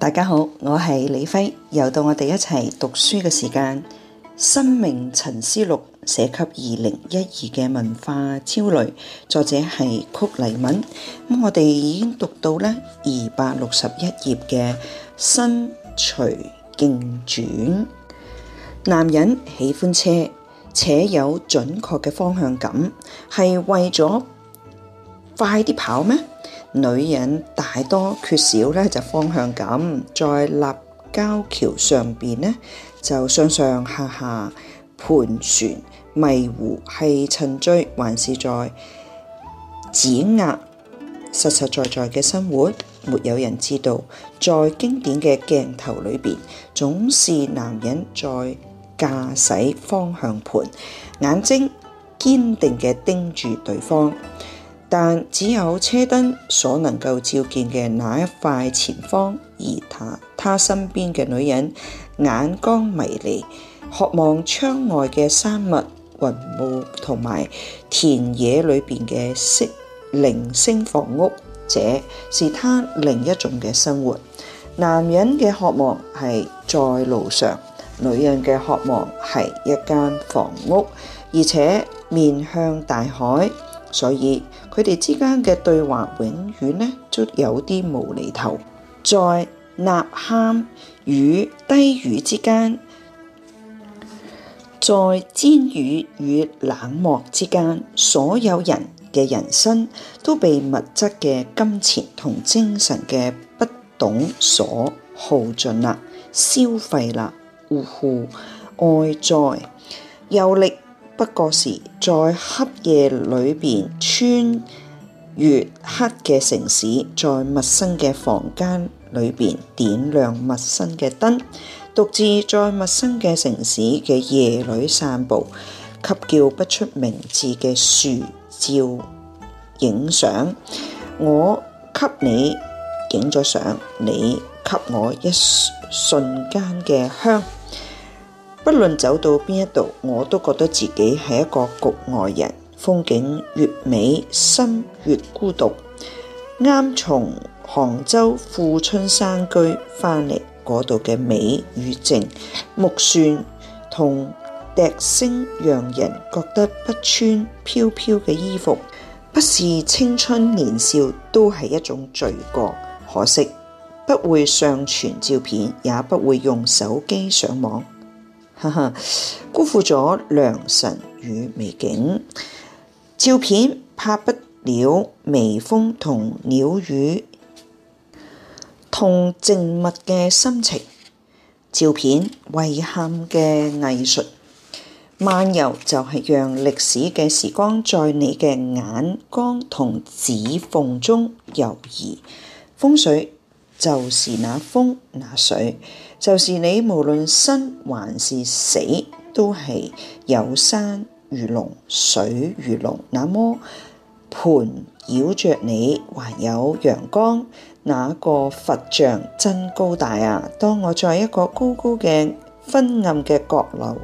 大家好，我係李輝，又到我哋一齊讀書嘅時間，《生命沉思錄》寫給二零一二嘅文化焦慮，作者係曲黎敏。咁我哋已經讀到咧二百六十一頁嘅《身隨境轉》，男人喜歡車，且有準確嘅方向感，係為咗快啲跑咩？女人大多缺少咧就方向感，在立交橋上邊呢，就上上下下盤旋迷糊，係趁追還是在碾壓？實實在在嘅生活，沒有人知道。在經典嘅鏡頭裏邊，總是男人在駕駛方向盤，眼睛堅定嘅盯住對方。但只有車燈所能夠照見嘅那一塊前方。而他，他身邊嘅女人眼光迷離，渴望窗外嘅山脈雲霧同埋田野裏邊嘅色零星房屋，這是他另一種嘅生活。男人嘅渴望係在路上，女人嘅渴望係一間房屋，而且面向大海。所以。佢哋之間嘅對話永遠呢都有啲無厘頭，在吶喊與低語之間，在尖語與冷漠之間，所有人嘅人生都被物質嘅金錢同精神嘅不懂所耗盡啦，消費啦，呼呼，外在又力。不過是在黑夜裏邊穿越黑嘅城市，在陌生嘅房間裏邊點亮陌生嘅燈，獨自在陌生嘅城市嘅夜裏散步，給叫不出名字嘅樹照影相。我給你影咗相，你給我一瞬間嘅香。不論走到邊一度，我都覺得自己係一個局外人。風景越美，心越孤獨，啱從杭州富春山居翻嚟，嗰度嘅美與靜，木船同笛聲讓人覺得不穿飄飄嘅衣服，不是青春年少都係一種罪過，可惜不會上傳照片，也不會用手機上網。呵呵， 辜負咗良辰與美景，照片拍不了微風同鳥語，同靜謐嘅心情，照片遺憾嘅藝術，漫遊就係讓歷史嘅時光在你嘅眼光同指縫中游移，風水。就是那風那水，就是你無論生還是死，都係有山如龍，水如龍。那麼盤繞着你，還有陽光。那個佛像真高大啊！當我在一個高高嘅昏暗嘅閣樓，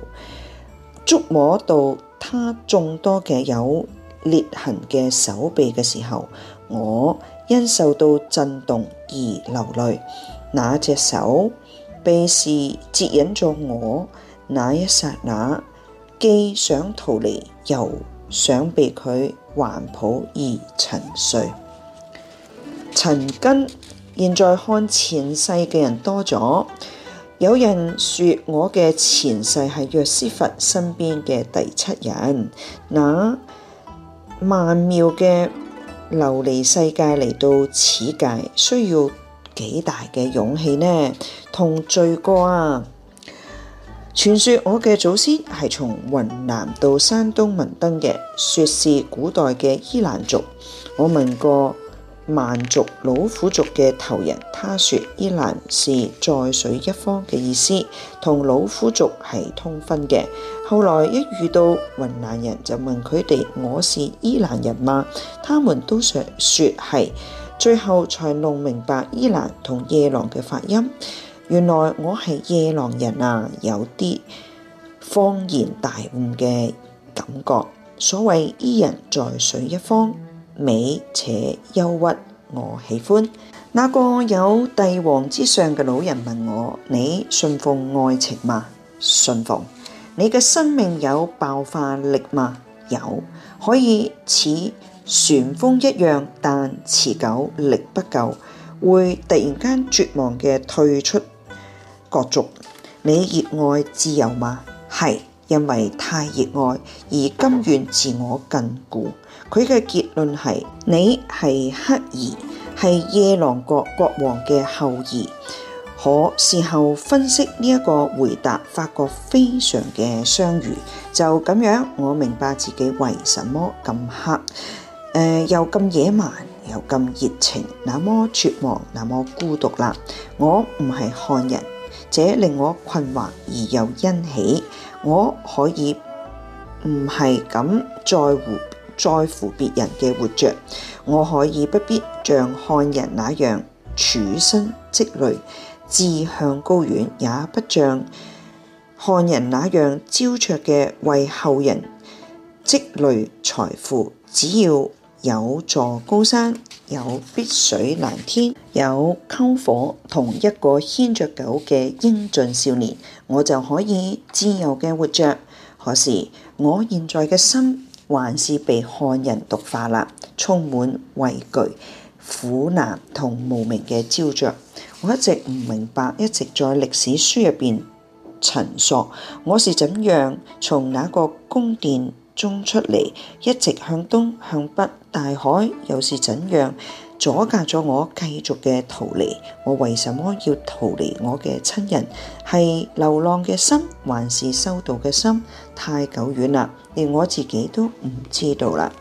觸摸到他眾多嘅有裂痕嘅手臂嘅時候，我，因受到震動而流淚，那隻手，被是接引咗我，那一剎那既想逃離，又想被佢環抱而沉睡。曾經現在看前世嘅人多咗，有人說我嘅前世係藥師佛身邊嘅第七人，那曼妙嘅。流離世界嚟到此界，需要幾大嘅勇氣呢？同罪過啊！傳說我嘅祖先係從雲南到山東文登嘅，說是古代嘅伊蘭族。我問過。蠻族、老虎族嘅頭人，他說伊蘭是在水一方嘅意思，同老虎族係通婚嘅。後來一遇到雲南人就問佢哋：我是伊蘭人嗎？他們都想說係，最後才弄明白伊蘭同夜郎嘅發音。原來我係夜郎人啊，有啲方言大悟嘅感覺。所謂伊人在水一方。美且憂鬱，我喜歡。那個有帝王之相嘅老人問我：你信奉愛情嗎？信奉。你嘅生命有爆發力嗎？有，可以似旋風一樣，但持久力不夠，會突然間絕望嘅退出角逐。你熱愛自由嗎？係，因為太熱愛而甘願自我禁錮。佢嘅結論係你係黑兒，係夜郎國國王嘅後裔。可事後分析呢一個回答，發覺非常嘅相如。就咁樣，我明白自己為什麼咁黑，呃、又咁野蠻又咁熱情，那麼絕望，那麼孤獨啦。我唔係漢人，這令我困惑而又欣喜。我可以唔係咁在乎。在乎別人嘅活着，我可以不必像漢人那樣處身積累，志向高遠也不像漢人那樣焦灼嘅為後人積累財富。只要有座高山，有碧水藍天，有篝火同一個牽着狗嘅英俊少年，我就可以自由嘅活着。可是我現在嘅心還是被漢人毒化啦，充滿畏懼、苦難同無名嘅焦灼。我一直唔明白，一直在歷史書入邊陳述，我是怎樣從那個宮殿中出嚟，一直向東向北，大海又是怎樣？阻隔咗我繼續嘅逃離，我為什麼要逃離我嘅親人？係流浪嘅心，還是修道嘅心？太久遠啦，連我自己都唔知道啦。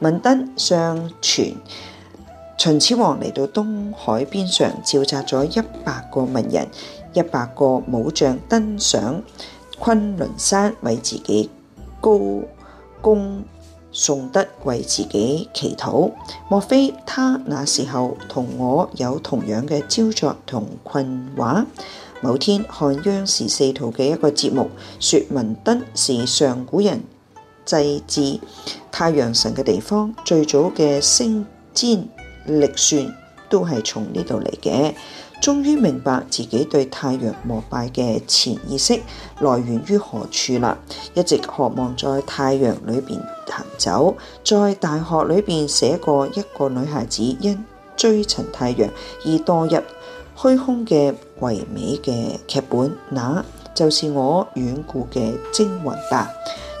文登上傳，秦始皇嚟到東海邊上，召集咗一百個文人、一百個武將，登上昆崙山為自己高功。崇德為自己祈禱，莫非他那時候同我有同樣嘅焦灼同困惑？某天看央視四套嘅一個節目，説文登是上古人祭祀太陽神嘅地方，最早嘅星占歷算都係從呢度嚟嘅。終於明白自己對太陽膜拜嘅潛意識來源於何處啦！一直渴望在太陽裏邊行走，在大學裏邊寫過一個女孩子因追尋太陽而墮入虛空嘅唯美嘅劇本，那就是我遠古嘅精魂吧。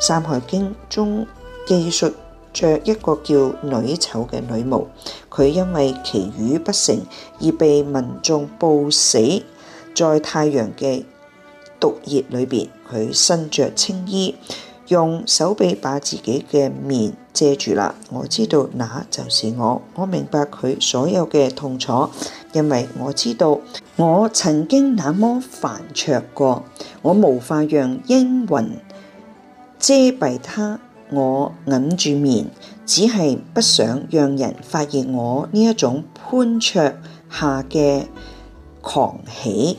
《山海經》中記述着一個叫女丑嘅女巫，佢因為祈雨不成而被民眾暴死在太陽嘅毒液裏邊。佢身着青衣，用手臂把自己嘅面遮住啦。我知道那就是我，我明白佢所有嘅痛楚，因為我知道我曾經那麼煩灼過。我無法讓陰雲遮蔽他。我掩住面，只係不想讓人發現我呢一種潘桌下嘅狂喜。《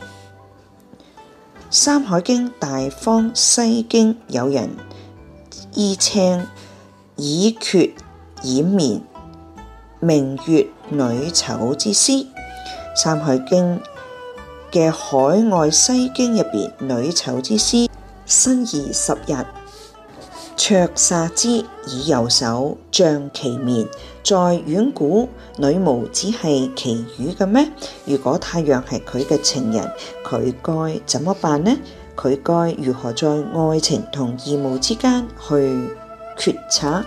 山海經》《大荒西經》有人衣青以決掩面，名曰女丑之尸。《山海經》嘅海外西經入邊，女丑之尸，新二十日。卓殺之，以右手將其面。在遠古，女巫只係其餘嘅咩？如果太陽係佢嘅情人，佢該怎麼辦呢？佢該如何在愛情同義務之間去抉擇？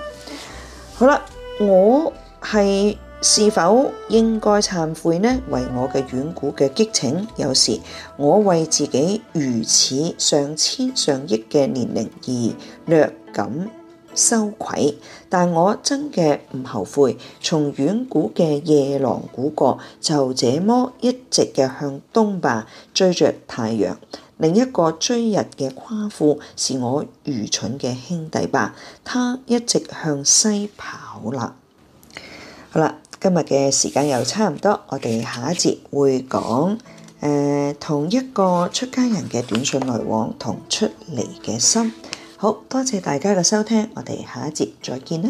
好啦，我係。是否應該懺悔呢？為我嘅遠古嘅激情，有時我為自己如此上千上億嘅年齡而略感羞愧，但我真嘅唔後悔。從遠古嘅夜郎古國，就這麼一直嘅向東吧，追着太陽。另一個追日嘅夸父，是我愚蠢嘅兄弟吧？他一直向西跑啦。好啦。今日嘅時間又差唔多，我哋下一節會講誒、呃、同一個出家人嘅短信來往同出嚟嘅心，好，多謝大家嘅收聽，我哋下一節再見啦。